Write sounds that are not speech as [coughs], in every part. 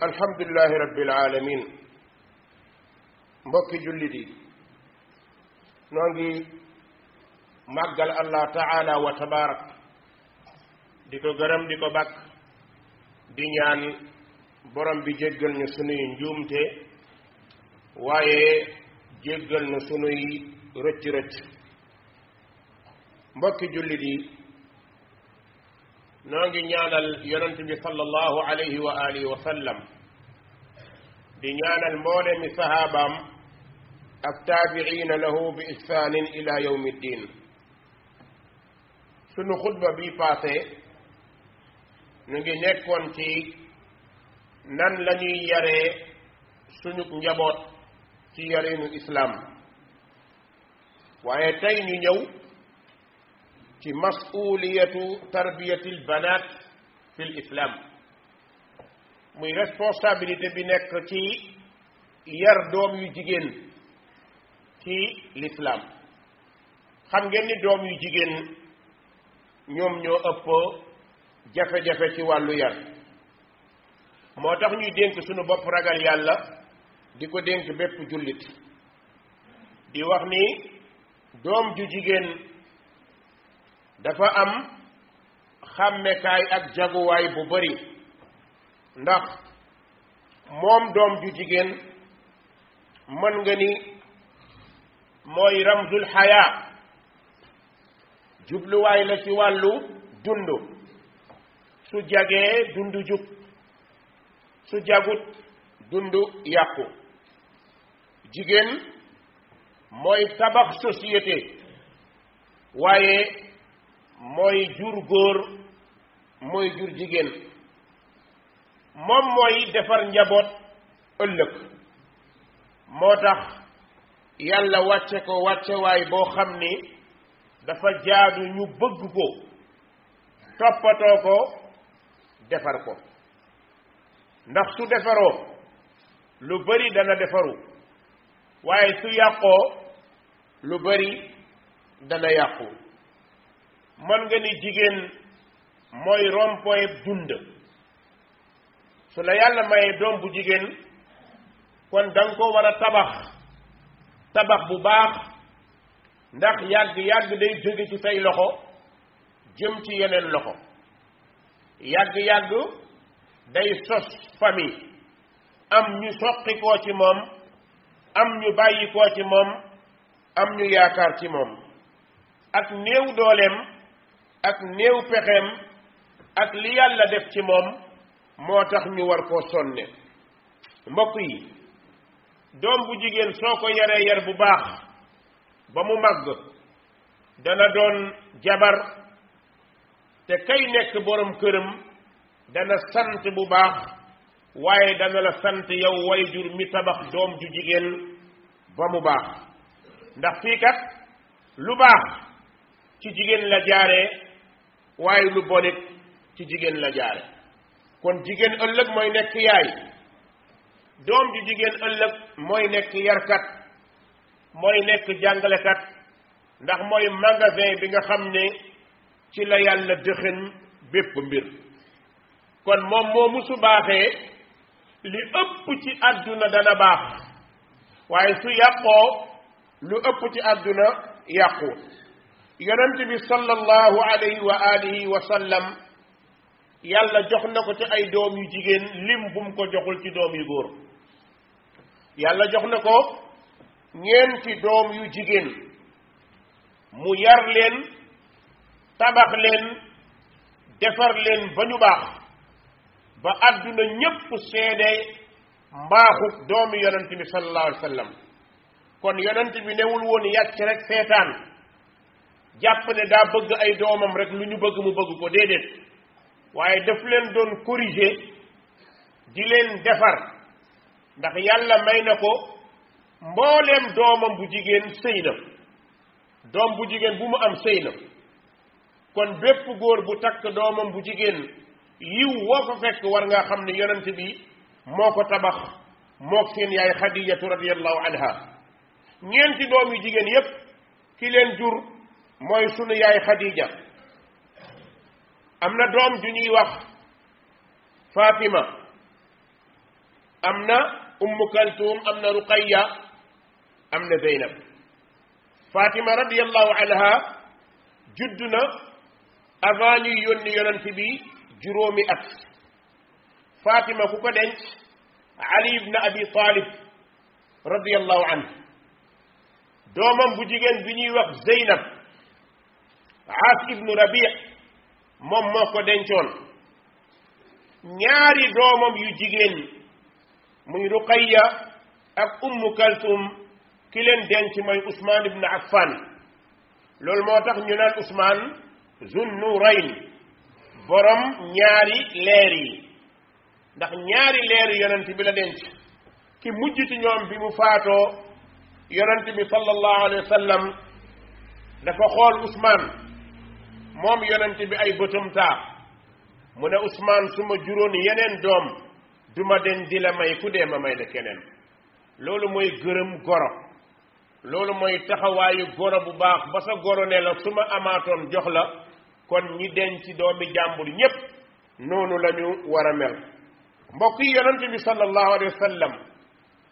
alhamdulilahi rabbil alamin mbokki jullit yi noo ngi màggal allah taala wa tabarak di ko gërëm di ko bàkk di ñaan borom bi jéggal ñu sunuy njuumte waaye jéggal ñu sunuy rëcc rëcc mbokki jullit yi noo ngi ñaanal yonent bi sallallahu alayhi wa alihi wa sallam di ñaanal mboolemi sahabaam ak taabiina lahu bi ihsanin ila yawmi ddin sunu xutba bi passé nu ngi nekkoon ci nan la ñuy yaree suñu njaboot ci yarinu islam waaye tey ñu ñëw ci masuliyatu tarbiyatil banaat fil islaam muy responsabilité bi nekk ci yar doom yu jigéen ci lislaam xam ngeen ni doom yu jigéen ñoom ñoo ëpp jafe-jafe ci wàllu yar moo tax ñuy dénk sunu bopp ragal yàlla di ko dénk bépp jullit di wax ni doom ju jigéen dafa am xàmmekaay ak jaguwaay bu bari ndax moom doom ju jigéen mën nga ni mooy ramzul xayaa jubluwaay la ci wàllu dund su jagee dund jub su jagut dund yàqu jigéen mooy tabax société waaye mooy jur góor mooy jur jigéen moom mooy defar njaboot ëllëg moo tax yàlla wàcce ko wàccewaay boo xam ni dafa jaadu ñu bëgg ko toppatoo ko defar ko ndax su defaroo lu bari dana defaru waaye su yàqoo lu bari dana yàqu mën nga ni jigéen mooy rompoy dund su la yàlla mayee doom bu jigéen kon da nga ko war tabax tabax bu baax ndax yàgg-yàgg day jóge ci say loxo jëm ci yeneen loxo yàgg-yàgg day sos famille am ñu soqi ci moom am ñu bàyyi ci moom am ñu yaakaar ci moom ak néew dooleem ak néew pexeem ak li yàlla def ci moom moo tax ñu war koo sonne mbokk yi doom bu jigéen soo ko yaree yar bu baax ba mu màgg dana doon jabar te kay nekk borom këram dana sant bu baax waaye dana la sant yow wayjur mi tabax doom ju jigéen ba mu baax ndax fii kat lu baax ci jigéen la jaaree waaye lu bonit ci jigéen la jaare kon jigéen ëllëg mooy nekk yaay doom ji jigéen ëllëg mooy nekk yarkat mooy nekk jàngalekat ndax mooy magasin bi nga xam ne ci la yàlla dëxën bépp mbir kon moom moomu su baaxee li ëpp ci àdduna dana baax waaye su yàqoo lu ëpp ci àdduna yàqu yonent bi sallallahu alayhi wa alihi wa sallam yàlla jox na ko ci ay doom yu jigéen lim bu mu ko joxul ci doom yu góor yàlla jox na ko ñeenti doom yu jigéen mu yar leen tabax leen defar leen ba ñu baax ba àdduna ñépp seede mbaaxu doomi yonent bi sallallahu alayhi wa sallam kon yonent bi newul woon yàcc rek seetaan jàpp ne daa bëgg ay doomam rek lu ñu bëgg mu bëgg ko déedéet waaye daf leen doon corriger di leen defar ndax yàlla may na ko mbooleem doomam bu jigéen sëy na doom bu jigéen bu mu am sëy na kon bépp góor bu takk doomam bu jigéen yiw woo ko fekk war nga xam ne yonent bi moo ko tabax mook seen yaay xadijatu radiallahu anha ñeenti doom yu jigéen yépp ki leen jur mooy sunu yaay Khadija am na doom ju ñuy wax Fatima am na Ummu Kaltuum am na Ruqayya am na Zeynab Fatima radiyallahu anha judd na avant ñuy yónni yonent bi juróomi at Fatima ku ko denc Ali ibn Abi Talib radiyallahu anhu doomam bu jigéen bi ñuy wax Zeynab عاص ابن ربيع موم مكو دنجون نياري دومم يو جيجين موي اك ام كلثوم كيلن دنج موي عثمان ابن عفان لول موتاخ ني عثمان ذو النورين بروم نياري ليري داخ نياري ليري يونتي بلا دنج كي مجيتي نيوم بي مو يونتي بي صلى الله عليه وسلم دا فا خول عثمان moom yonent bi ay bëtam taa mu ne usmaan su ma juróon yeneen doom du deñ den di la may ku dee ma may la keneen loolu mooy gërëm goro loolu mooy taxawaayu goro bu baax ba sa goro ne la su ma amaatoon jox la kon ñi denc doomi jàmbur ñépp noonu la ñu war a mel mbokk yi yonent bi sallallahu alayhi wa sallam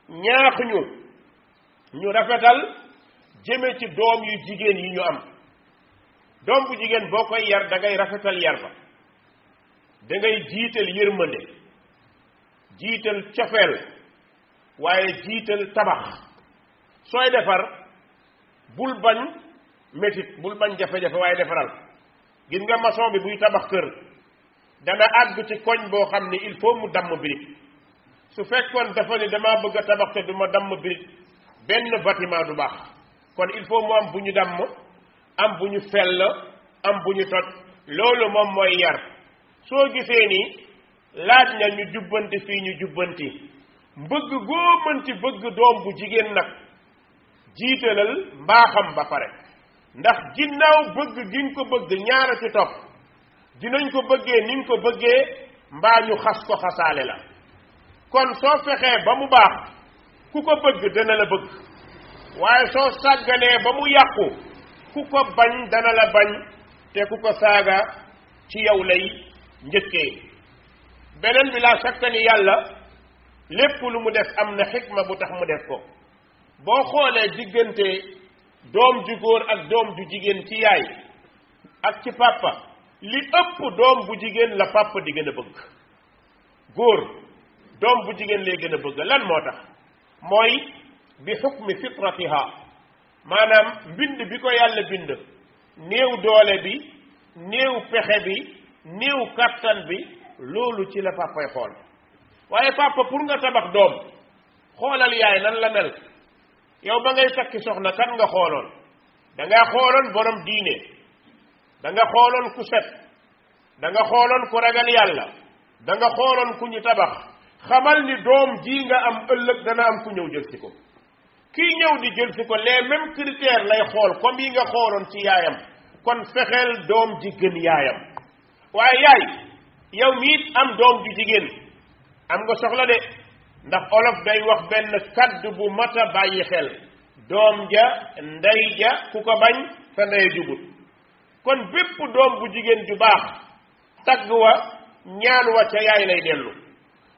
ñaax ñu ñu rafetal jëme ci doom yu jigéen yi ñu am doom bu jigéen boo koy yar da ngay rafetal yar ba dangay ngay jiital yërmande jiital cofeel waaye jiital tabax sooy defar bul bañ métit bul bañ jafe-jafe waaye defaral gis nga mason bi buy tabax kër dana àgg ci koñ boo xam ni il faut mu damm birig su fekkoon dafa ni damaa bëgg a tabax te du damm birig benn bâtiment du baax kon il faut mu am bu ñu damm am bu ñu fell am bu ñu toj loolu moom mooy yar soo gisee nii laaj na ñu jubbanti fii ñu jubbanti mbëgg goo bëgg doom bu jigéen nag jiitalal mbaaxam ba pare ndax ginnaaw bëgg giñ ko bëgg ñaara ci topp dinañ ko bëggee ni nga ko bëggee mbaa ñu xas ko xasaale la kon soo fexee ba mu baax ku ko bëgg dana la bëgg waaye soo sàgganee ba mu yàqu ku ko bañ dana la bañ te ku ko saaga ci yow lay njëkkee beneen bi laa shakka yàlla lépp lu mu def am na xikma bu tax mu def ko boo xoolee diggante doom ju góor ak doom ju jigéen ci yaay ak ci pàppa li ëpp doom bu jigéen la pàppa di gën a bëgg góor doom bu jigéen lay gën a bëgg lan moo tax mooy bi xukmi fitratiha maanaam mbind bi ko yàlla bind néew doole bi néew pexe bi néew kattan bi loolu ci la papay xool waaye papa pour nga tabax doom xoolal yaay nan la mel yow ba ngay takki soxna kan nga xooloon da nga xooloon borom diine danga xooloon ku set danga nga xooloon ku ragal yàlla da xooloon ku ñu tabax xamal ni doom ji nga am ëllëg dana am ku ñëw jël si ko kii ñëw di jël ko les mêmes critères lay xool comme yi nga xooloon ci yaayam kon fexeel doom ji gën yaayam waaye yaay yow miit am doom ju jigéen am nga soxla de ndax olof day wax benn kaddu bu mat a bàyyi xel doom ja ndey ja ku ko bañ sa ndey jugut kon bépp doom bu jigéen ju baax tagg wa ñaan wa ca yaay lay dellu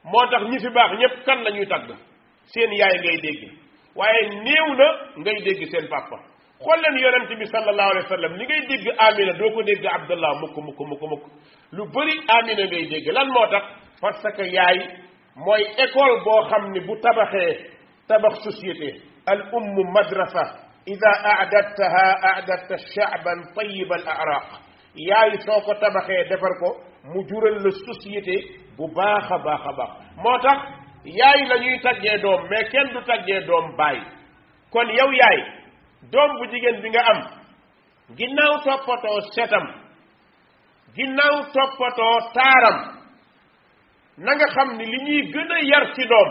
moo tax ñi fi baax ñépp kan lañuy ñuy seen yaay ngay dégg waaye néew na ngay dégg seen papa xool leen yonent bi sallallahu alayhi wa sallam li ngay dégg amina doo ko dégg abdallah mukk mukk mukk mukk lu bëri amina ngay dégg lan moo tax parce que yaay mooy école boo xam ni bu tabaxee tabax société al ummu madrasa ida aadadtaha aadadta shaaban tayiba al araq yaay soo ko tabaxee defar ko mu jural la société bu baax a baax a baax moo tax yaay la ñuy taggee doom mais kenn du taggee doom baay kon yow yaay doom bu jigéen bi nga am ginnaaw toppatoo setam ginnaaw toppatoo taaram na nga xam ni li ñuy gën yar ci doom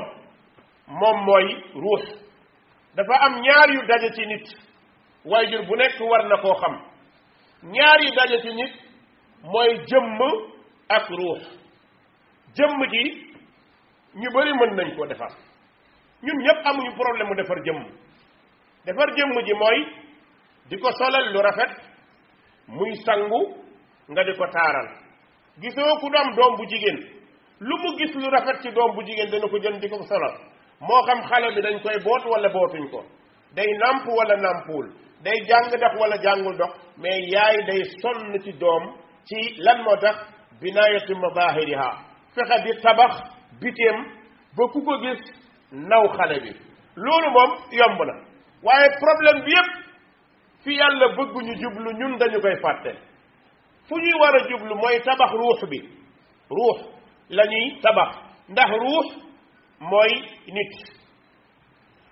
moom mooy ruux dafa am ñaar yu daje ci nit waajur bu nekk war na koo xam ñaar yu daje ci nit mooy jëmm ak ruux jëmm ji ñu bëri mën nañ koo defar ñun ñëpp amuñu problème mu defar jëmm defar jëmm ji mooy di ko solal lu rafet muy sangu nga di ko taaral gisoo ku dam doom bu jigéen lu mu gis lu rafet ci doom bu jigéen dana ko jën di ko solal moo xam xale bi dañ koy boot wala bootuñ ko day nàmp wala nàmpuwul day jàng dox walla jàngul dox mais yaay day sonn ci doom ci lan moo tax binaayatu mazahiriha fexe di tabax biteem ba ku ko gis naw xale bi loolu moom yomb na waaye problème bi yépp fi yàlla bëgguñu jublu ñun dañu koy fàtte fu ñuy war a jublu mooy tabax ruux bi ruux la ñuy tabax ndax ruux mooy nit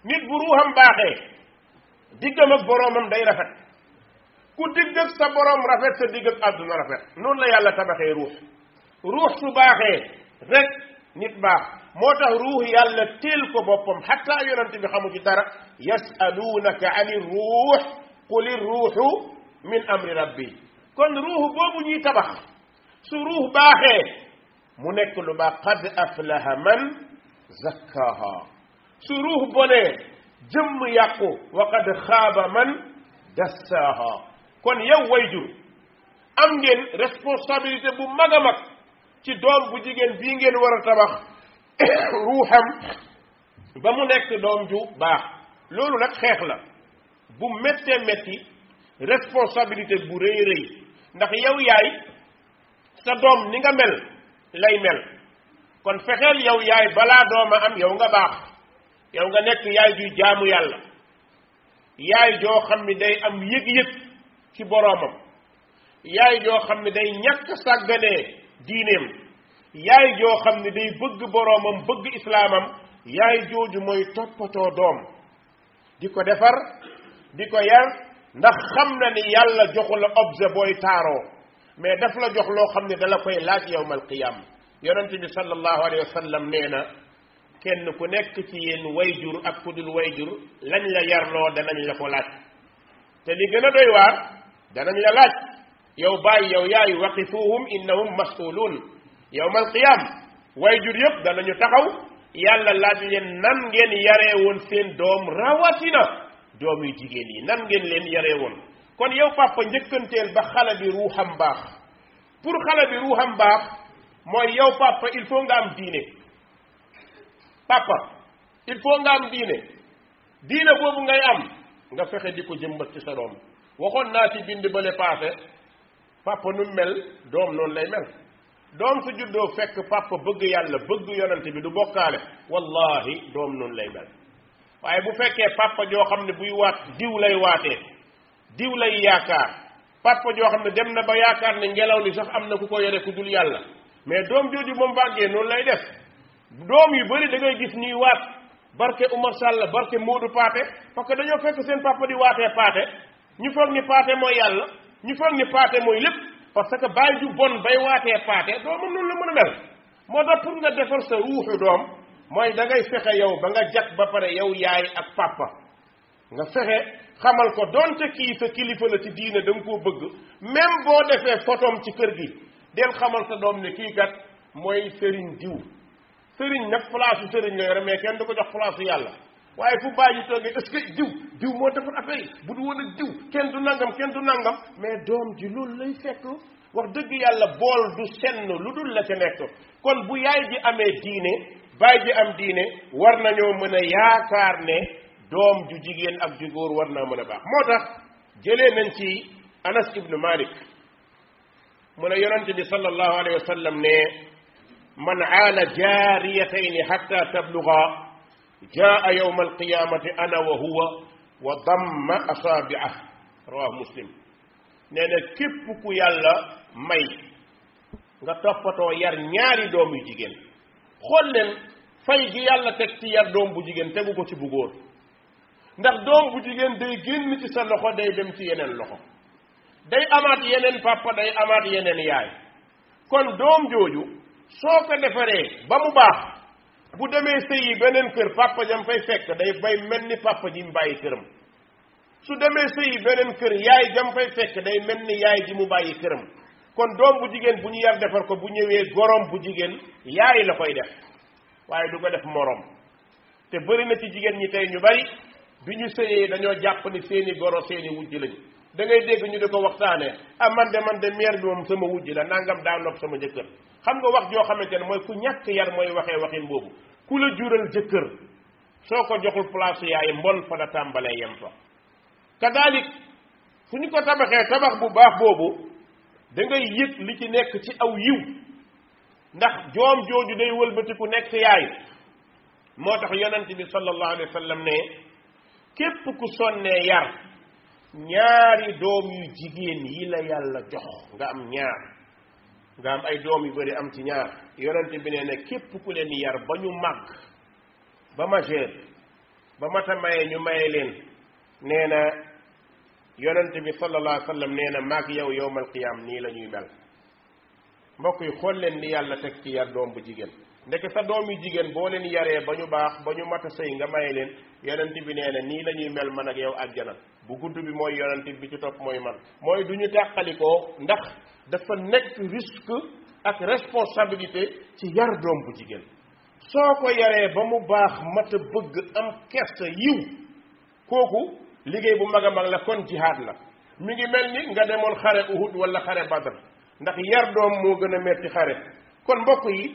nit bu ruuxam baaxee diggam ak boroomam day rafet ku digg sa boroom rafet sa digg ak àdduna rafet noonu la yàlla tabaxee ruux ruux su baaxee rek nit baax moo tax ruux yàlla teel ko boppam xatta yonent bi xamu ci dara yasalunaka ani ruux quli ruuxu min amri rabbi kon ruux boobu ñuy tabax su ruux baaxee mu nekk lu ba qad aflaha man zakkaha su ruux bonee jëmm yàqu wa qad xaaba man dassaha kon yow wayjur am ngeen responsabilité bu mag a mag ci doom bu jigéen bii ngeen war a tabax ruuxam ba mu nekk doom ju baax loolu nag xeex la bu metti métti responsabilité bu rëy rëy ndax yow yaay sa doom ni nga mel lay mel kon fexeel yow yaay balaa dooma am yow nga baax yow nga nekk yaay ju jaamu yàlla yaay joo xam ni day am yëg-yëg ci boroomam yaay joo xam ni day ñàkk sàgganee diineem yaay joo xam ne day bëgg boroomam bëgg islaamam yaay jooju mooy toppatoo doom di ko defar di ko yar ndax xam na ni yàlla joxu la objet booy taaroo mais daf la jox loo xam ne dala koy laaj yowm alqiyama yonente bi sallallahu alayhi wa nee na kenn ku nekk ci yéen wayjur ak ku dul wayjur lañ la yarloo danañ la ko laaj te li gën a doy waar danañ la laaj يو باي يو ياي وقفوهم إنهم مسؤولون يوم القيامة ويجر يقدر أن يتقوا يالا لاجل ننجن يريون سين دوم رواتنا دوم يجيلي ننجن لين يريون كون يو بابا نجكن تيل بخالة بروحم باخ بور خالة بروحم باخ موي يو بابا إلفون غام ديني بابا إلفون غام ديني دينة بوبو غي أم نغفخي ديكو جمبت تسروم وخون ناتي بند بلي باسي papa nu mel dom non lay mel dom su juddo fekk papa bëgg yàlla bëgg yonent bi du bokale wallahi dom non lay mel waye bu fekke papa jo xamne buy wat diw lay waté diw lay yaakar papa jo xamne dem na ba yaakar ne ngelaw li sax amna na ku ko yore ku dul yàlla mais dom joju mom bagge non lay def dom yu bari da ngay gis ni wat barke Umar Sall barke Modou paté parce que dañu fekk seen papa di waté paté ñu fogg ni paté moy yàlla ñu foog ni paate mooy lépp parce que baay ju bon bay waatee paate doomam noonu la mën a mel moo tax pour nga defar sa ruuxu doom mooy da ngay fexe yow ba nga jag ba pare yow yaay ak papa nga fexe xamal ko donte kii sa kilifa la ci diine da nga koo bëgg même boo defee fotoom ci kër gi del xamal sa doom ne kii kat mooy sëriñ diw sëriñ nag place su sëriñ la yore mais kenn du ko jox place yàlla waaye fu bàyyi toogee est diw diw moo defar affaire yi bu du woon ak diw kenn du nangam kenn du nangam mais doom ji loolu lay fekk wax dëgg yàlla bool du senn lu dul la ca nekk kon bu yaay ji amee diine baay ji am diine war nañoo mën a yaakaar ne doom ju jigéen ak ju war naa mën a baax moo tax jëlee nañ ci Anas ibnu Malik mu ne yonente bi sallallahu alayhi wa sallam ne man aala jaariyatayni hatta tabluga jaa yowma alqiyamati ana wa huwa wa damma asaabiah rawaahu muslim nee na képp ku yàlla may nga toppatoo yar ñaari doom yu jigéen xool leen fay gi yàlla teg ci yar doom bu jigéen tegu ko ci bu góor ndax doom bu jigéen day génn ci sa loxo day dem ci yeneen loxo day amaat yeneen papa day amaat yeneen yaay kon doom jooju soo ko defaree ba mu baax bu demee yi beneen kër papa jam fay fekk day bay mel ni papa ji mu bàyyi këram su demee sëyi beneen kër yaay jam fay fekk day mel ni yaay ji mu bàyyi këram kon doom bu jigéen bu ñu yar defar ko bu ñëwee gorom bu jigéen yaay la koy def waaye du ko def morom te bëri na ci jigéen ñi tey ñu bari bi ñu sëyee dañoo jàpp ni seeni goro seeni wujj lañu da ngay dégg ñu di ko waxtaanee ah man de man de meer bi moom sama wujj la nangam daa nopp sama jëkkër xam nga wax joo xamante ne mooy ku ñàkk yar mooy waxee waxin boobu ku la jural jëkkër soo ko joxul place yaay mbon fa la tàmbalee yem fa kadalik fu ñu ko tabaxee tabax bu baax boobu da ngay yëg li ci nekk ci aw yiw ndax joom jooju day wëlbatiku nekk yaay moo tax yonent bi sallallahu alayhi wa ne képp ku sonnee yar ñaari doom yu jigéen yi la yàlla jox nga am ñaar nga am ay doom yu bari am ci ñaar yonent bi nee ne képp ku leen yar ba ñu màgg ba majeur ba mat a mayee ñu maye leen nee na yonent bi sallallahu alayhi wa sallam nee na maag yow yowmal qiyaam nii la ñuy mel mbokk yi xool leen li yàlla teg ci yar doom bu jigéen ndeke sa doom yu jigéen boo leen yaree ba ñu baax ba ñu mat a sëy nga maye leen yonent bi nee na nii lañuy ñuy mel man ak yow àjjana bu gudd bi mooy yonent bi ci topp mooy man mooy duñu ñu ndax dafa nekk risque ak responsabilité ci yar doom bu jigéen soo ko yaree ba mu baax mat a bëgg am kersa yiw kooku liggéey bu mag a mag la kon jihaad la mi ngi mel ni nga demoon xare Uhud wala xare Badr ndax yar doom moo gën a metti xare kon mbokk yi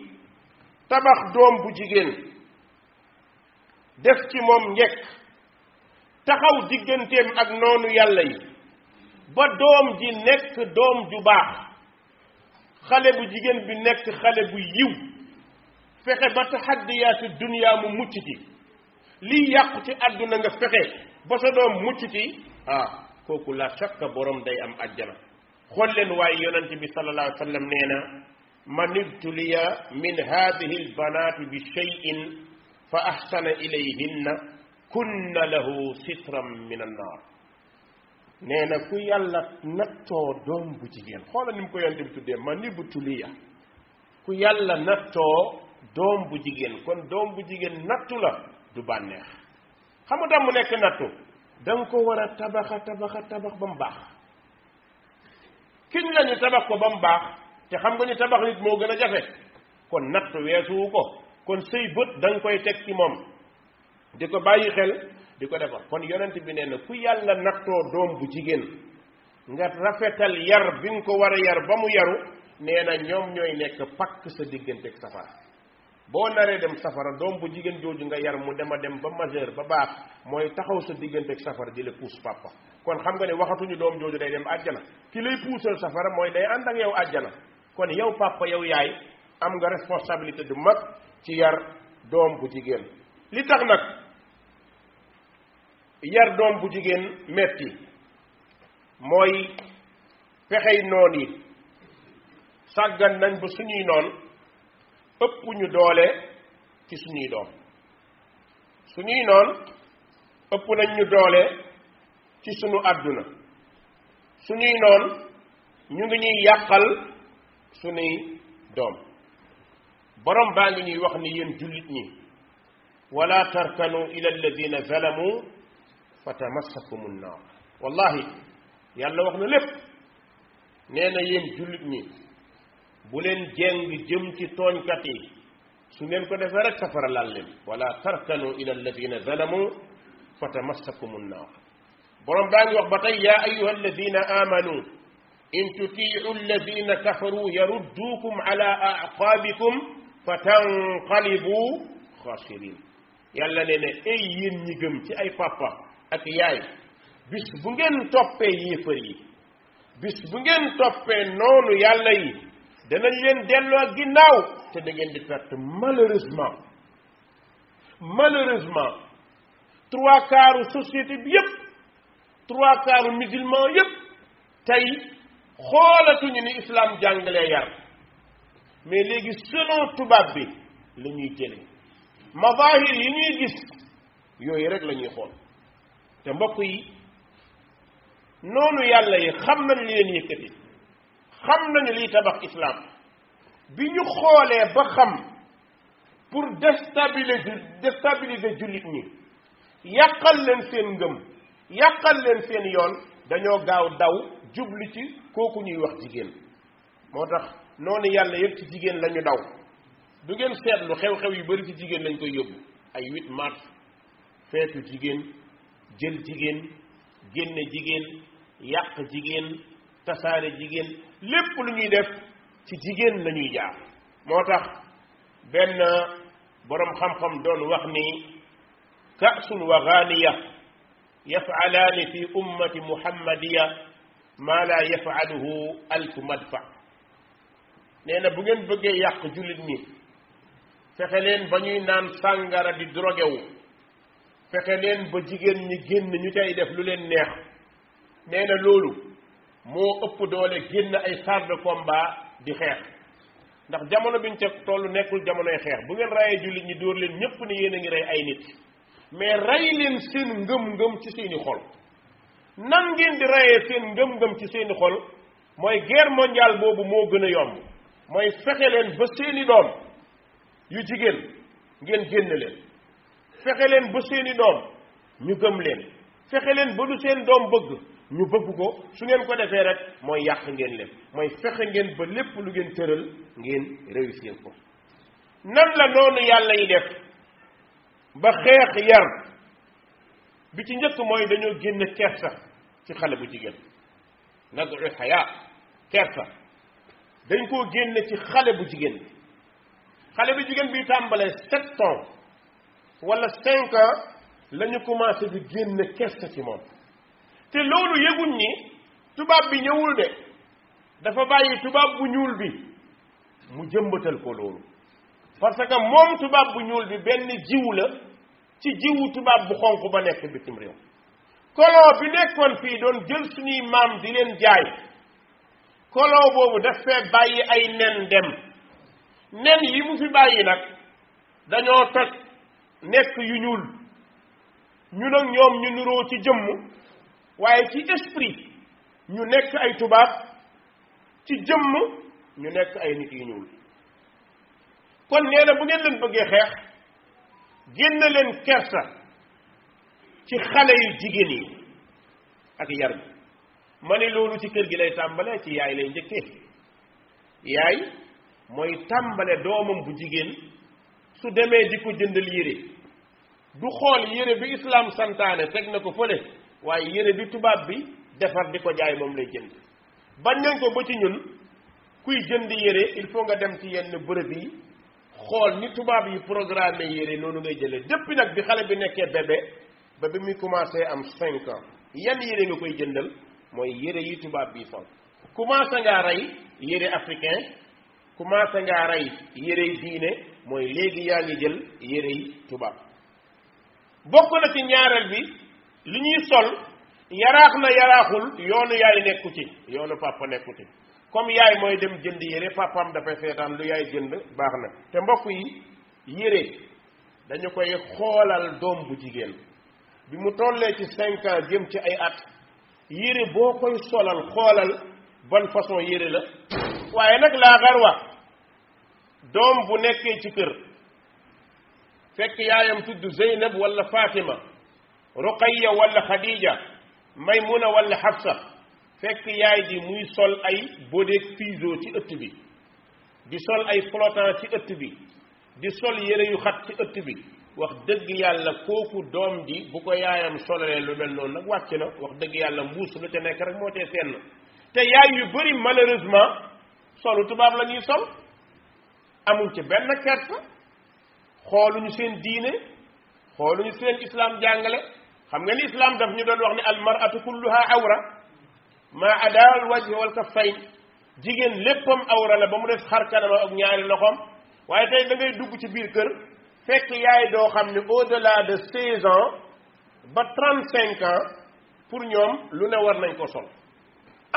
tabax doom bu jigéen def ci moom njekk taxaw digganteem ak noonu yàlla yi ba doom ji nekk doom ju baax xale bu jigéen bi nekk xale bu yiw fexe ba taxaddiyaatu duniyaa mu mucc ci liy yàqu ci àdduna nga fexe ba sa doom mucc ci ah kooku la shakka borom day am àjjana xool leen waaye yonent bi sallallahu alayhi wa sallam nee na man ibtuliya min hadihi albanati bi cheyin fa ahsana ilayhinna kunna lahu sitran min annaar nee na ku yàlla nattoo doom bu jigéen xoolal ni mu ko yonte bi tuddee ma ni bu tuliya ku yàlla nattoo doom bu jigéen kon doom bu jigéen nattu la du bànneex xam nga tam mu nekk nattu da nga ko war a tabaxa tabaxa tabax ba mu baax kiñ la tabax ko ba mu baax te xam nga ni tabax nit moo gën a jafe kon nattu weesuwu ko kon say bët da koy teg ci moom di ko bàyyi xel di ko defar kon yonent bi nee na ku yàlla nattoo doom bu jigéen nga rafetal yar bi nga ko war a yar ba mu yaru nee na ñoom ñooy nekk pakk sa diggante ak safara boo naree dem safara doom bu jigéen jooju nga yar mu dem a dem ba majeur ba baax mooy taxaw sa diggante ak safara di la puus papa kon xam nga ne waxatuñu doom jooju day dem àjjana ki lay puusal safara mooy day ànd ak yow àjjana kon yow papa yow yaay am nga responsabilité du mag ci yar doom bu jigéen yar doom bu jigéen metti mooy fexey noon yi sàggan nañ ba suñuy noon ëpp ñu doole ci suñuy doom suñuy noon ëpp nañ ñu doole ci suñu àdduna suñuy noon ñu ngi ñuy yàqal suñuy doom borom baa ngi ñuy wax ni yéen jullit ñi wala tarkanu ila alladina zalamu فتمسكم النار والله يلا وخنا لب نينا يين جولت ني بولين جينغ جيم سي تون كاتي سو نين كو ديفا رك سفر لالين ولا تركنوا الى الذين ظلموا فتمسكم النار بروم باغ وخ باتاي يا ايها الذين امنوا ان تطيعوا الذين كفروا يردوكم على اعقابكم فتنقلبوا خاسرين يلا نينا اي يين ني جيم اي بابا ak yaay bis bu ngeen toppee yéefar yi bis bu ngeen toppee noonu yàlla yi dana leen delloo ginnaaw te da ngeen di perte malheureusement malheureusement trois quarts société bi yépp trois quarts musulman yépp tey xoolatuñu ni islam jàngalee yar mais léegi selon tubaab bi la ñuy jëlee mazahir yi ñuy gis yooyu rek la ñuy xool te mbokk yi noonu yàlla yi xam nañu li leen yëkkati xam nañu liy tabax islaam bi ñu xoolee ba xam pour déstabiliser déstabiliser jullit ñi yàqal leen seen ngëm yàqal leen seen yoon dañoo gaaw daw jubli ci kooku ñuy wax jigéen moo tax noonu yàlla yëpp ci jigéen lañu daw du ngeen seetlu xew-xew yu bari ci jigéen lañ koy yóbbu ay 8 mars feetu jigéen jël jigéen génne jigéen yàq jigéen tasaare jigéen lépp lu ñuy def ci jigéen la ñuy jaar moo tax benn boroom xam-xam doon wax ni kaasun wa gaaniya yafaalaani fi ummati muhammadiya maa laa yafaaluhu alfu madfa nee na bu ngeen bëggee yàq jullit ñi fexe ba ñuy naan sàngara di drogué fexe leen ba jigéen ñi génn ñu cay def lu leen neex nee na loolu moo ëpp doole génn ay char de combat di xeex ndax jamono biñ ca toll nekkul jamonoy xeex bu ngeen rayee jullit ñi dóor leen ñëpp ne yéen a ngi rey ay nit mais rey leen seen ngëm-ngëm ci seeni xol nan ngeen di rayee seen ngëm-ngëm ci seeni xol mooy guerre mondiale boobu moo gën a yomb mooy fexe leen ba seeni doom yu jigéen ngeen génn leen fexe leen ba seeni doom ñu gëm leen fexe leen ba lu seen doom bëgg ñu bëgg ko su ngeen ko defee rek mooy yàq ngeen leen mooy fexe ngeen ba lépp lu ngeen tëral ngeen réussir ko nan la noonu yàlla yi def ba xeex yar bi ci njëkk mooy dañoo génn kersa ci xale bu jigéen nadu xayaa kersa dañ koo génn ci xale bu jigéen bi xale bu jigéen bi tàmbalee sept ans wala cinq ans la ñu commencé di génn kersa ci moom te loolu yëguñ ni tubaab bi ñëwul de dafa bàyyi tubaab bu ñuul bi mu jëmbatal ko loolu parce que moom tubaab bu ñuul bi benn jiw la ci jiwu tubaab bu xonq ba nekk bitim réew koloo bi nekkoon fii doon jël suñuy maam di leen jaay kolo boobu def fee bàyyi ay nen dem nen yi mu fi bàyyi nag dañoo toj nekk yu ñuul ñu nag ñoom ñu niroo ci jëmm waaye ci esprit ñu nekk ay tubaab ci jëmm ñu nekk ay nit yu ñuul kon nee na bu ngeen leen bëggee xeex génn leen kersa ci xale yu jigéen yi ak yar bi ma ne loolu ci kër gi lay tàmbalee ci yaay lay njëkkee yaay mooy tàmbale doomam bu jigéen su demee di ko jëndal yére du xool yére bi islam santaane teg na ko fële waaye yére bi tubaab bi defar di ko jaay moom lay jënd bañ nañ ko ba ci ñun kuy jënd yére il faut nga dem ci yenn bërëb yi xool ni tubaab yi programme yére noonu ngay jëlee depuis nag bi xale bi nekkee bébé ba bi muy commencé am cinq ans yan yére nga koy jëndal mooy yére yi tubaab bi sol commencé ngaa rey yére africain commencé ngaa rey yére diine mooy léegi yaa ngi jël yére yi tubaab bokk na ci ñaareel bi li ñuy sol yaraax na yaraaxul yoonu yaay nekku ci yoonu papa nekku ci comme yaay mooy dem jënd yére papaam dafay seetaan lu yaay jënd baax na te mbokk yi yére dañu koy xoolal doom bu jigéen bi mu tollee ci cinq ans jëm ci ay at yére boo koy solal xoolal bon façon yére la waaye nag laa xar doom bu nekkee ci kër fekk yaayam tudd zeynab wala fatima ruqayya wala khadija maymuna wala hafsa fekk yaay ji muy sol ay bodéeg piso ci ëtt bi di sol ay flottant ci ëtt bi di sol yére yu xat ci ëtt bi wax dëgg yàlla kooku doom ji bu ko yaayam solee lu mel noonu nag wàcc na wax dëgg yàlla mbuus lu ca nekk rek moo tee seen te yaay yu bëri malheureusement solu tubaab la sol amul ci benn kersa xooluñu seen diine xooluñu seen islam jàngale xam nga li islam daf ñu doon wax ni al mar'atu kulluha awra ma adaal wajhi wal kaffayn jigen léppam awra la ba mu def xar kanama ak ñaari loxom waye tay da ngay dugg ci biir kër fekk yaay doo xam ne au delà de 16 ans ba 35 ans pour ñoom lu ne war nañ ko sol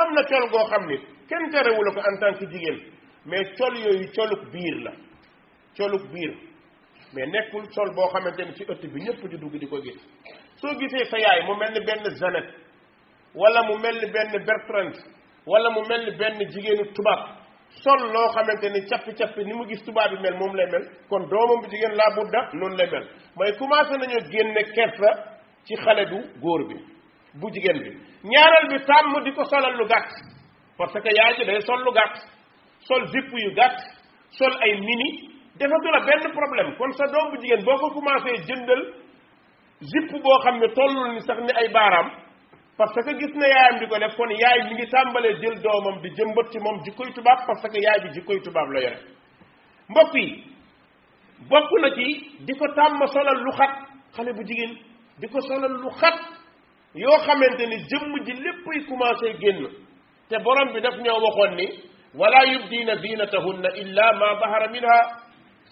am na col goo xam ni kenn terewula ko en tant que jigéen mais col yooyu coluk biir la coluk biir mais nekkul sol boo xamante ni ci ëtt bi ñëpp di dugg di ko gis soo gisee sa yaay mu mel ni benn Jeannette wala mu mel ni benn Bertrand wala mu mel ni benn jigéenu tubaab sol loo xamante ni cappi-cappi ni mu gis tubaab bi mel moom lay mel kon doomam bu jigéen laa budda noonu lay mel mooy commencé nañoo génne la ci xale du góor bi bu jigéen bi ñaareel bi tàmm di ko solal lu gàtt parce que yaay ji day sol lu gàtt sol zipp yu gàtt sol ay mini defatu la benn problème kon sa doom bu jigéen boo ko commencé jëndal jipp boo xam ne tollul ni sax ni ay baaraam parce que gis na yaayam di ko def kon yaay mi ngi tàmbalee jël doomam di jëmbat ci moom jikkoy tubaab parce que yaay bi jikkoy tubaab la yore mbokk yi bokk na ci di ko tàmm solal lu xat xale bu jigéen di ko solal lu xat yoo xamante ni jëmm ji léppay commencé génn te borom bi daf ñoo woxoon ni wala yubdiina zinatahunna illa ma bahara minha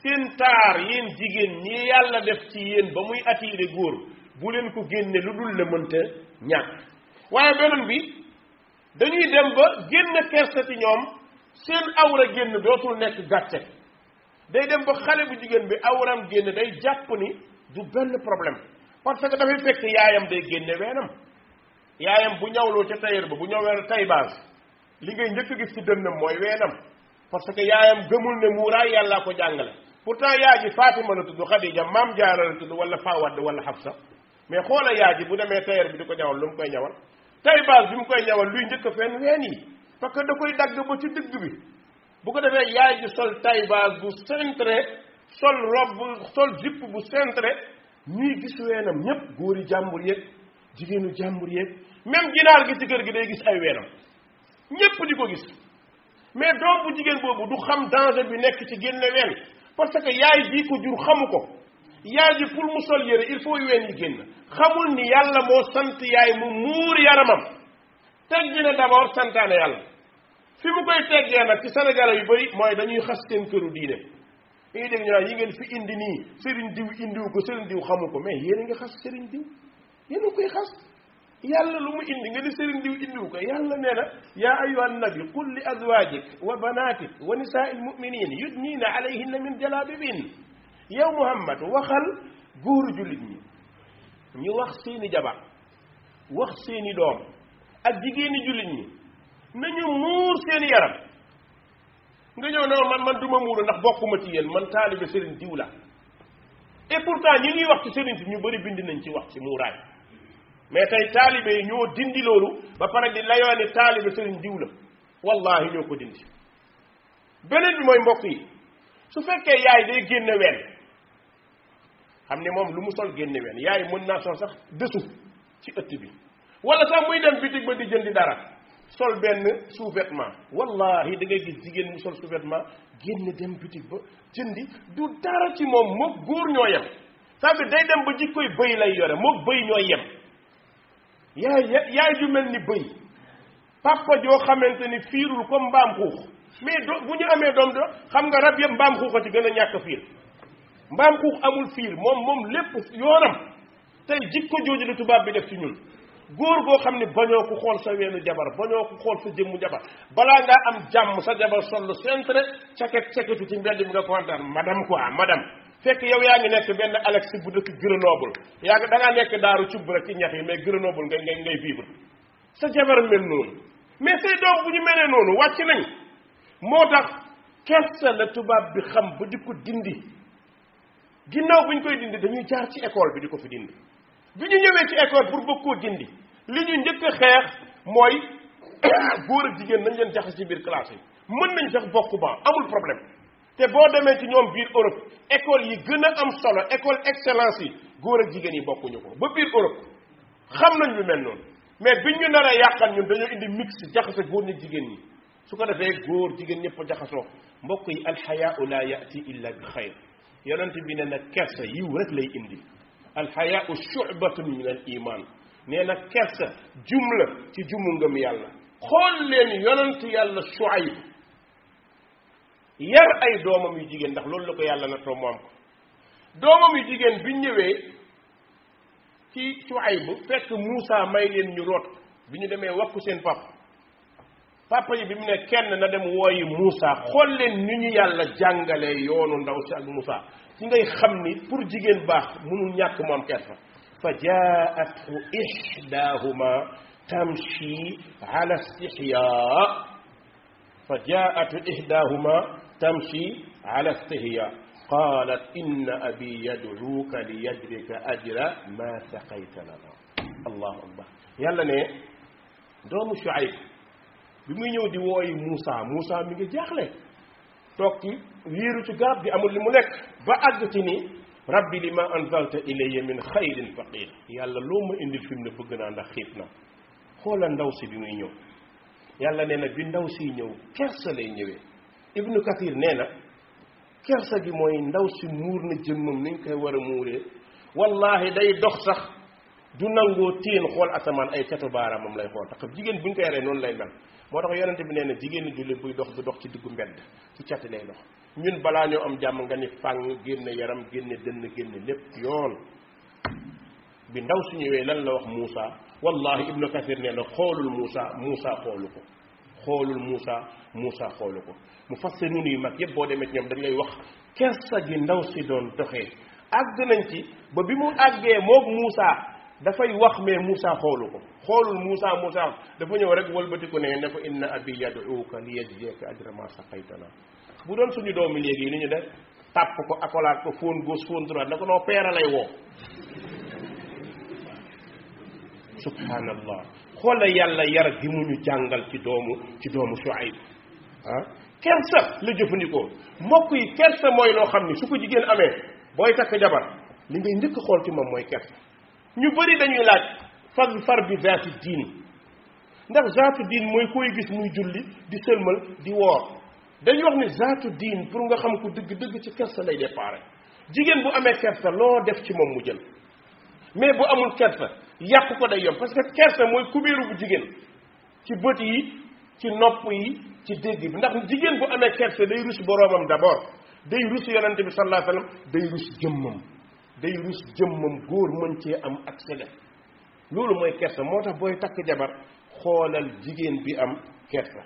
seen taar yéen jigéen ñi yàlla def ci yéen ba muy attiré góor bu leen ko génne lu dul la mënta ñàkk waaye beneen bi dañuy dem ba génn kersa ci ñoom seen awra génn dootul nekk gàcce day dem ba xale bu jigéen bi awram génn day jàpp ni du benn problème parce que dafay fekk yaayam day génne weenam yaayam bu ñawloo ca tailleur ba bu ñawee tay li ngay njëkk gis ci dënnam mooy weenam parce que yaayam gëmul ne muuraay yàllaa ko jàngale pourtant yaay ji Fatima la tudd Khadija maam Jaara la tudd wala Fawad wala mais xoola yaay ji bu demee tailleur bi di ko ñawal lu mu koy ñawal taille bi mu koy ñawal luy njëkk a fenn ween yi koy dagg ba ci digg bi bu ko defee yaay ji sol taille basse bu centré sol robe sol jupe bu centré ñuy gis weenam ñépp góori jàmbur yeeg jigéenu jàmbur yeeg même ginaar gi ci kër gi day gis ay weenam ñépp di ko gis mais doom bu jigéen boobu du xam danger bi nekk ci génne ween parce que yaay ji ko jur xamu ko yaay ji pour mu sol yére il faut ween yi génn xamul ni yàlla moo sant yaay mu muur yaramam teggi na d'abord santaane yàlla fi mu koy teggee nag ci Sénégal yu bëri mooy dañuy xas seen këru diine dañuy dégg ñu naan yi ngeen fi indi nii sëriñ diw indiwu ko sëriñ diw xamu ko mais yéen a ngi xas sëriñ diw yéen a koy xas يالا لومو اندي غني سيرن ديو اندي كو يالا نينا يا ايها النبي قل لازواجك وبناتك ونساء المؤمنين يدنين عليهن من جلابيبن يا محمد وخال غور جوليت ني ني واخ سيني جابا واخ سيني دوم اك جيجيني جوليت ني نانيو مور سيني يارام nga ñëw na man man duma muuru ndax bokkuma ci yeen man talibé sëriñ diiw la et pourtant ñi ñuy wax ci sëriñ ñu bari bind nañ ci wax ci muuraay mais tey taalibe yi ñoo dindi loolu ba pare di layoo ni taalibe sëriñ diw la wallahi ñoo ko dindi beneen bi mooy mbokk yi su fekkee yaay day génne ween xam ne moom lu mu sol génne ween yaay mën naa sol sax dësu ci ëtt bi wala sax muy dem bitig ba di jëndi dara sol benn sous-vêtement wallahi da ngay gis jigéen mu sol sous-vêtement génn dem bitig ba jëndi du dara ci moom mu góor ñoo yem c'est-à-dire day dem ba jikkoy bëy lay yore mook bëy ñooy yem yaay yaay ju mel ni bëy papa joo xamante ni fiirul comme mbaam xuux mais do bu ñu amee doom do xam nga rab yëpp mbaam xuux a ci gën a ñàkk fiir mbaam xuux amul fiir moom moom lépp yoonam tey jikko jooju la tubaab bi def ci ñun góor goo xam ne bañoo ko xool sa weenu jabar bañoo ko xool sa jëmmu jabar balaa ngaa am jàmm sa jabar sol centre caket caketu ci mbedd bi nga kontaan madame quoi madame fekk yow yaa ngi nekk benn Alex bu dëkk Grenoble yaa ngi da ngaa nekk daaru cubb rek ci ñax yi mais Grenoble ngay ngay ngay vivre sa jabar mel noonu mais say doom bu ñu melee noonu wàcc nañ moo tax kersa la tubaab bi xam ba di ko dindi ginnaaw bu ñu koy dindi dañuy jaar ci école bi di ko fi dindi bi ñu ñëwee ci école pour bëgg koo dindi li ñu njëkk a xeex mooy [coughs] góor ak jigéen nañ leen jaxas ci biir classe yi mën nañ sax bokk ban amul problème te boo demee ci ñoom biir Europe école yi gën a am solo école excellence yi góor ak jigéen yi bokkuñu ko ba biir Europe xam nañ lu mel noonu mais biñ ñu nar a yàqal ñun dañoo indi mix jaxase góor ñi jigéen ñi su ko defee góor jigéen ñëpp jaxasoo mbokk yi alxayaau laa yaati illa bi xayr yonent bi ne na kersa yiw rek lay indi alxayaau shubatun min al iman nee na kersa jumla ci jumu ngëm yàlla xool leen yonent yàlla shuayb yar ay doomam yu jigéen ndax loolu la ko yàlla na too mu am ko doomam yu jigéen biñ ñëwee ci Shuayb fekk Moussa may leen ñu root bi ñu demee wakku seen papa papa yi bi mu ne kenn na dem wooyi Moussa xool leen ni ñu yàlla jàngale yoonu ndaw si ak Moussa ci ngay xam ni pour jigéen baax mënul ñàkk mu am kersa fa jaathu ihdaahuma tamshi ala istihyaa fa jaathu ihdaahuma تمشي على استهياء قالت إن أبي يدعوك ليدرك أجر ما سقيت لنا الله الله يلا ني دوم شعيب بمي نيو دي ووي موسى موسى ميغي جاخلي توكي ويرو تي غاب دي امول لي ليك با اجتيني ربي لما انزلت الي من خير فقير يلا لوم اندي فيم نا بغنا ندا خيتنا خولا ndawsi bi muy ñew yalla neena bi ndawsi ñew kersa ibnu kathir nee na kersa gi mooy ndaw si muur na jëmmam ni ñu koy war a muuree wallaahi day dox sax du nangoo téen xool asamaan ay catu baaraamam lay xool tax jigéen bu ñu ko yaree noonu lay mel moo tax yonente bi nee na jigéen ñi jullit buy dox du dox ci diggu mbedd ci cati lay dox ñun balaa ñoo am jàmm nga ni fàng génne yaram génne dënn génne lépp yoon bi ndaw si ñëwee lan la wax Moussa wallahi ibnu kathir nee na xoolul Moussa Moussa xoolu ko xoolul Moussa Moussa xoolu ko mu fassir nu yu mag yëpp boo demee ñoom dañ lay wax kersa gi ndaw si doon doxee àgg nañ ci ba bi mu àggee moog Moussa dafay wax mais Moussa xoolu ko xoolul Moussa Moussa dafa ñëw rek wëlbatiku ne ne ko inna abi yaduuka li yajziyaka ajra ma saqaytana bu doon suñu doomi léegi ni ñu def tàpp ko akolaat ko fóon gauche fóon droite na ko noo peera lay woo subhanallah xoola yàlla yar bi mu ñu jàngal ci doomu ci doomu Shuayb ah kersa la jëfandikoo mbokk yi kersa mooy loo xam ni su ko jigéen amee booy takk jabar li ngay njëkk xool ci moom mooy kersa ñu bëri dañuy laaj far far bi zaatu diin ndax zaatu diin mooy koy gis muy julli di sëlmal di woor dañuy wax ni zaatu diin pour nga xam ko dëgg-dëgg ci kersa lay déparé jigéen bu amee kersa loo def ci moom mu jël mais bu amul kersa yàq ko de yomb parce que kersa mooy kubéeru bu jigéen ci bët yi ci nopp yi ci dégg bi ndax jigéen bu amee kersa day rus boroomam d'abord day rus yonente bi sallallahu alayhi wasallam day rus jëmmam day rus jëmmam góor mën cee am ak sega loolu mooy kersa moo tax booy takk jabar xoolal jigéen bi am kersa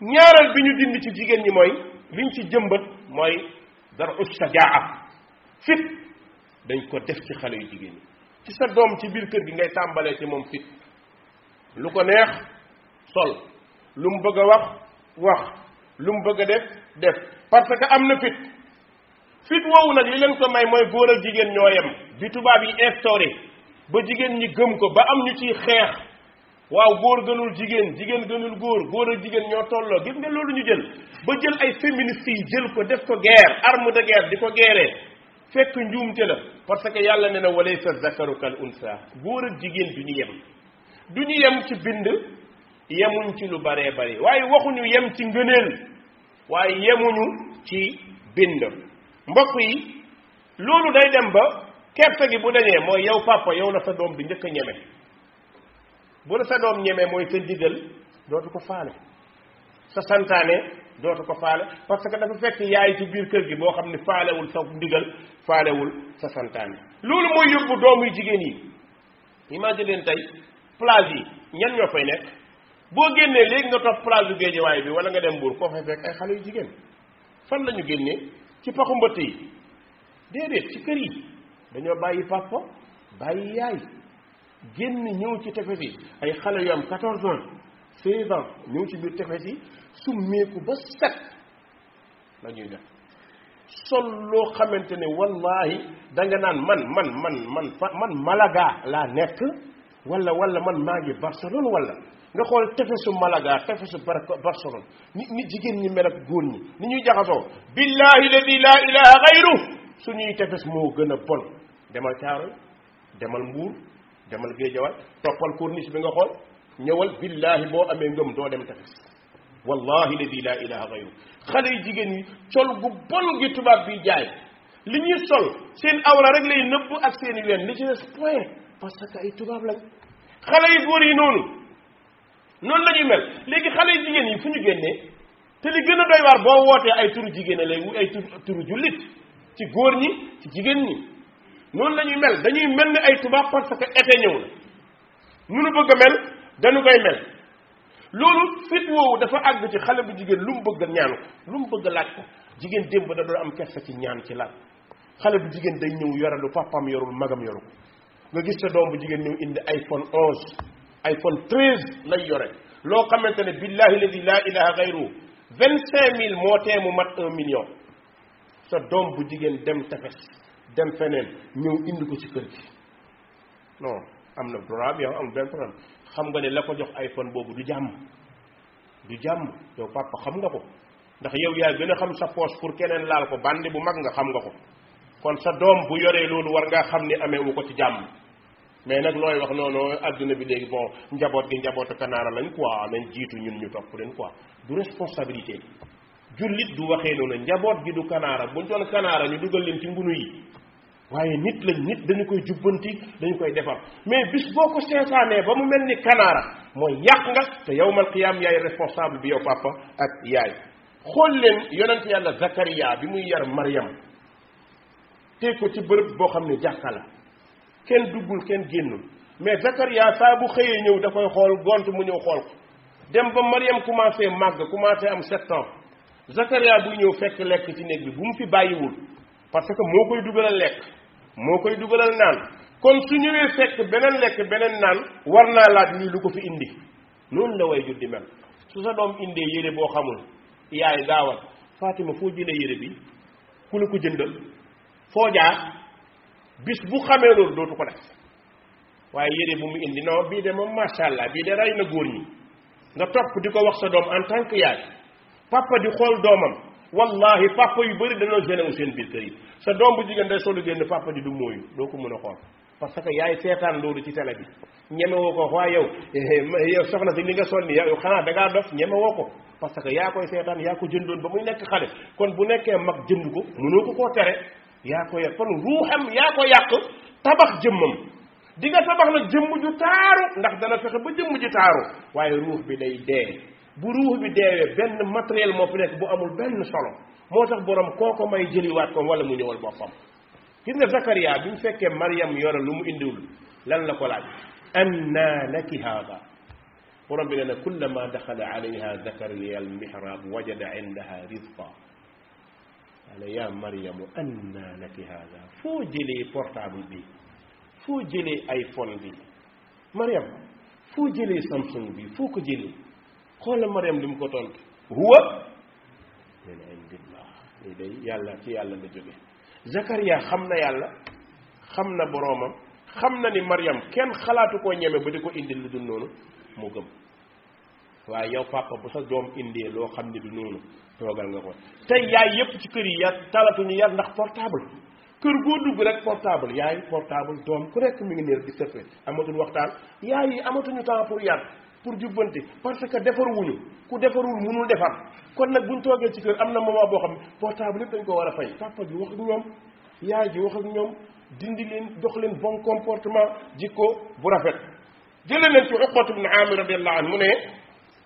ñaareel bi ñu dindi ci jigéen ñi mooy liñ ci jëmbat mooy dara us sajaa fit dañ ko def ci xale yu jigéen ñi ci sa doom ci biir kër gi ngay tàmbalee ci moom fit lu ko neex sol lu mu bëgg a wax wax lu mu bëgg a def def parce que am na fit fit woowu nag li leen ko may mooy góor ak jigéen ñoo yem bi tubaab yi instauré ba jigéen ñi gëm ko ba am ñu ciy xeex waaw góor gënul jigéen jigéen gënul góor góor ak jigéen ñoo tolloo gis nga loolu ñu jël ba jël ay féministes fii jël ko def ko guerre arme de guerre di ko guerree fekk njuumte la parce que yàlla ne na walaysa zakaru kal unsa góor ak jigéen du ñu yem du ñu yem ci bind yemuñ ci lu baree bari waaye waxuñu yem ci ngëneel waaye yemuñu ci bind mbokk yi loolu day dem ba kersa gi bu dañee mooy yow papa yow la sa doom di njëkk a ñeme bu la sa doom ñemee mooy sa ndigal dootu ko faale sa santaane dootu ko faale parce que dafa fekk yaay ci biir kër gi boo xam ne faalewul sa ndigal faalewul sa santaane loolu mooy yóbbu doomu jigéen yi imagine leen tey plage yi ñan ñoo fay nekk boo génnee léegi nga toog plage bu bi wala nga dem mbuur koo fay fekk ay xale yu jigéen fan la ñu génnee ci paxu mbëtt yi déedéet ci kër yi dañoo bàyyi papa bàyyi yaay génn ñëw ci tefes yi ay xale yu am 14 ans 16 ans ñëw ci biir tefes yi summeeku ba set la ñuy def sol loo xamante ne wallaahi danga naan man man man man man Malaga laa nekk wala wala man maa ngi Barcelone wala nga xool tefesu Malaga tefesu Barcelone ni ni jigéen ñi mel góor ñi ni ñuy jaxasoo billahi ladi laa ilaha gayru suñuy tefes moo gën a bon demal Caaroy demal Mbuur demal Géejawaay toppal corniche bi nga xool ñëwal billahi boo amee ngëm doo dem tefes wallahi ladi la ilaha gayru xale yu jigéen ñi sol gu bon gi tubaab bi jaay li ñuy sol seen awra rek lay nëbb ak seen i ween li ci des parce que ay tubaab lañ xale yi góor yi noonu noonu la ñuy mel léegi xale yi jigéen yi fu ñu génnee te li gën a doy boo wootee ay turu jigéen lay wu ay turu jullit ci góor ñi ci jigéen ñi noonu lañuy ñuy mel dañuy mel ni ay tubaab parce que été ñëw na nu nu bëgg a mel dañu koy mel loolu fit woowu dafa àgg ci xale bu jigéen lu mu bëgg a ñaanu lu mu bëgg a laaj ko jigéen démb da doon am kersa ci ñaan ci laaj xale bu jigéen day ñëw yore lu papaam yorul magam yoru nga gis sa doom bu jigéen ñëw indi iPhone 11 iPhone 13 lay yore loo xamante ne billahi ladi laa ilaha gayru vingt cinq mu mat million sa doom bu jigéen dem tefes dem feneen ñëw indi ko ci kër gi am na droit bi yow am benn problème xam nga ne la ko jox iPhone boobu du jàmm du jàmm yow papa xam nga ko ndax yow yaa gën a xam sa poche pour keneen laal ko bandi bu mag nga xam nga ko kon sa doom bu yoree loolu war ngaa xam ni amee ameewu ko ci jàmm mais nag looy wax noonu adduna bi léegi bon njaboot gi njabootu kanaara lañ quoi nañ jiitu ñun ñu topp leen quoi du responsabilité jullit du waxee noonu njaboot gi du kanaara buñ doon kanaara ñu dugal leen ci ngunu yi waaye nit lañ nit dañu koy jubbanti dañu koy defar mais bis boo ko seetaanee ba mu mel ni kanaara mooy yàq nga te yowmal qiyaam yaay responsable bi yow papa ak yaay xool leen yonent yàlla Zakaria bi muy yar Maryam te ko ci bërëb boo xam ne jàkka la kenn duggul kenn génnul mais Zakaria saa bu xëyee ñëw da xool gont mu ñëw xool ko dem ba Maryam commencé màgg commencé am sept ans Zakaria buy ñëw fekk lekk ci néeg bi bu mu fi bàyyiwul parce que moo koy dugalal lekk moo koy dugalal naan kon su ñëwee fekk beneen lekk beneen naan war naa laaj lii lu ko fi indi noonu la way jur di mel su sa doom indee yére boo xamul yaay gaawal Fatima foo jëlee yére bi ku la ko jëndal foo jaar bis bu xamee loolu dootu ko def waaye yére bu mu indi non bii de moom macha allah bii de rey na góor ñi nga topp di ko wax sa doom en tant que yaay papa di xool doomam wallahi papa yu bari dañoo génnewu seen biir kër yi sa doom bu jigéen day solu génn papa ji du mooyu doo ko mën a xool parce que yaay seetaan loolu ci télé bi ñeme woo ko waa yow eh, yow soxna si li nga sol ni yow xanaa da ngaa dof ñeme woo ko parce que yaa koy seetaan yaa ko jëndoon ba muy nekk xale kon bu nekkee mag jënd ko mënoo ko koo tere yaa ko yàq kon ruuxam yaa ko yàq tabax jëmmam di nga tabax nag jëmm ju taaru ndax dana fexe ba jëmm ji taaru waaye ruux bi day dee bu ruux bi deewee benn matériel moo fi nekk bu amul benn solo moo tax borom kooko may jëliwaat ko wala mu ñëwal boppam gis nga Zakaria bi mu fekkee Mariam yore lu mu indiwul lan la ko laaj anna laki haada borom bi ne na kullama daxala alayha Zakaria al mihrab wajada indaha rizqa ala ya mariamu anna laki haada foo jëlee portable bi foo jëlee iPhone bi Mariam foo jëlee Samsung bi foo ko jëlee xoola mariam li mu ko tontu huwa ne na indillah lii day yàlla ci yàlla la jóge Zakaria xam na yàlla xam na boroomam xam na ni mariam kenn xalaatu koo ñeme ba di ko indil lu dul noonu moo gëm waaye yow papa bu sa doom indee loo xam ne du noonu toogal nga ko tey yaay yëpp ci kër yi ya talatu ñu yar ndax portable kër goo dugg rek portable yaay portable doom ku nekk mi ngi néer di sëfe amatuñ waxtaan yaay yi amatuñu temps pour yar pour jubbante parce que defaruwuñu ku defarul munul defar kon nag buñ toogee ci kër am na moment boo xam portable yëpp dañ ko war a fay papa bi wax ak ñoom yaay ji wax ak ñoom dindi leen dox leen bon comportement jikko bu rafet jëlee leen ci uqbatu bne amir radiallahu anhu mu ne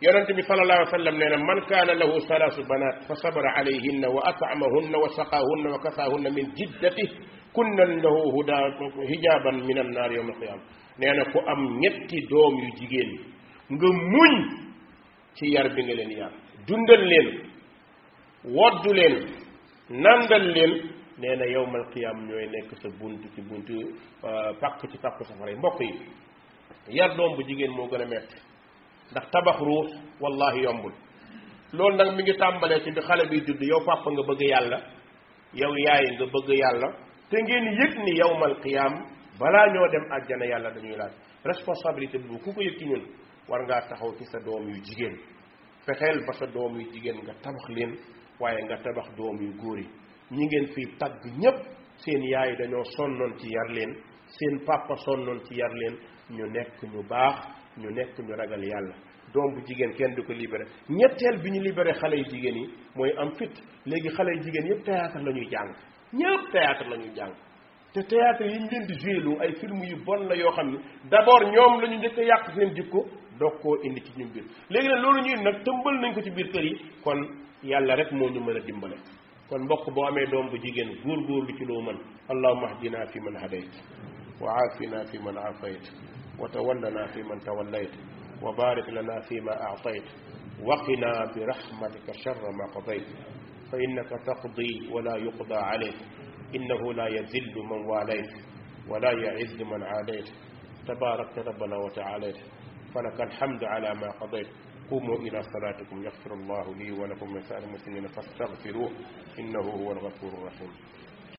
yonente bi sal allahu sallam nee na man kaana lahu salaasu banaat fa sabara alayhinna wa atamahunna wa saqaahunna wa kasaahunna min jiddati kunna lahu huda hijaban min annaar yowma alqiyama nee nga muñ ci yar bi nga leen yar dundal leen woddu leen nandal leen nee na yowmal qiyaam ñooy nekk sa bunt ci bunt euh, pàkk ci pàkku safara yi mbokk yi yar doom bu jigéen moo gën a metti ndax tabax ruux wallahi yombul loolu nag mi ngi tàmbalee ci bi xale bi judd yow papa nga bëgg yàlla yow yaay nga bëgg yàlla te ngeen yëg ni yowmal qiyaam balaa ñoo dem àjjana yàlla dañuy laaj responsabilité boobu ku ko yëg ci ñun war ngaa taxaw ci sa doom yu jigéen fexeel ba sa doom yu jigéen nga tabax leen waaye nga tabax doom yu góor yi ñi ngeen fii tagg ñépp seen yaay dañoo sonnoon ci yar leen seen papa sonnoon ci yar leen ñu nekk ñu baax ñu nekk ñu ragal yàlla doom bu jigéen kenn du ko libéré ñetteel bi ñu libéré xale yu jigéen yi mooy am fit léegi xale yu jigéen yëpp théâtre la ñuy jàng ñëpp théâtre la ñuy jàng te théâtre yi ñu leen di joué ay film yu bon la yoo xam ne d'abord ñoom lañu ñu njëkk a yàq seen doog koo indi ci ñun biir léegi nag loolu ñuy nag tëmbal nañ ko ci biir kër yi kon yàlla rek moo ñu mën a dimbale kon mbokk boo amee doom bu jigéen góor góor lu ci loo mën allahuma ahdina fi man hadayt wa aafina fi man aafayt wa tawallana fi man tawallayt wa barik lana fi ma aatayt وقنا برحمتك شر ما قضيت فإنك تقضي ولا يقضى عليك إنه لا يذل من واليت ولا يعز من عاديت تباركت ربنا وتعاليت فلك الحمد على ما قضيت قوموا إلى صلاتكم يغفر الله لي ولكم من سائر المسلمين فاستغفروه إنه هو الغفور الرحيم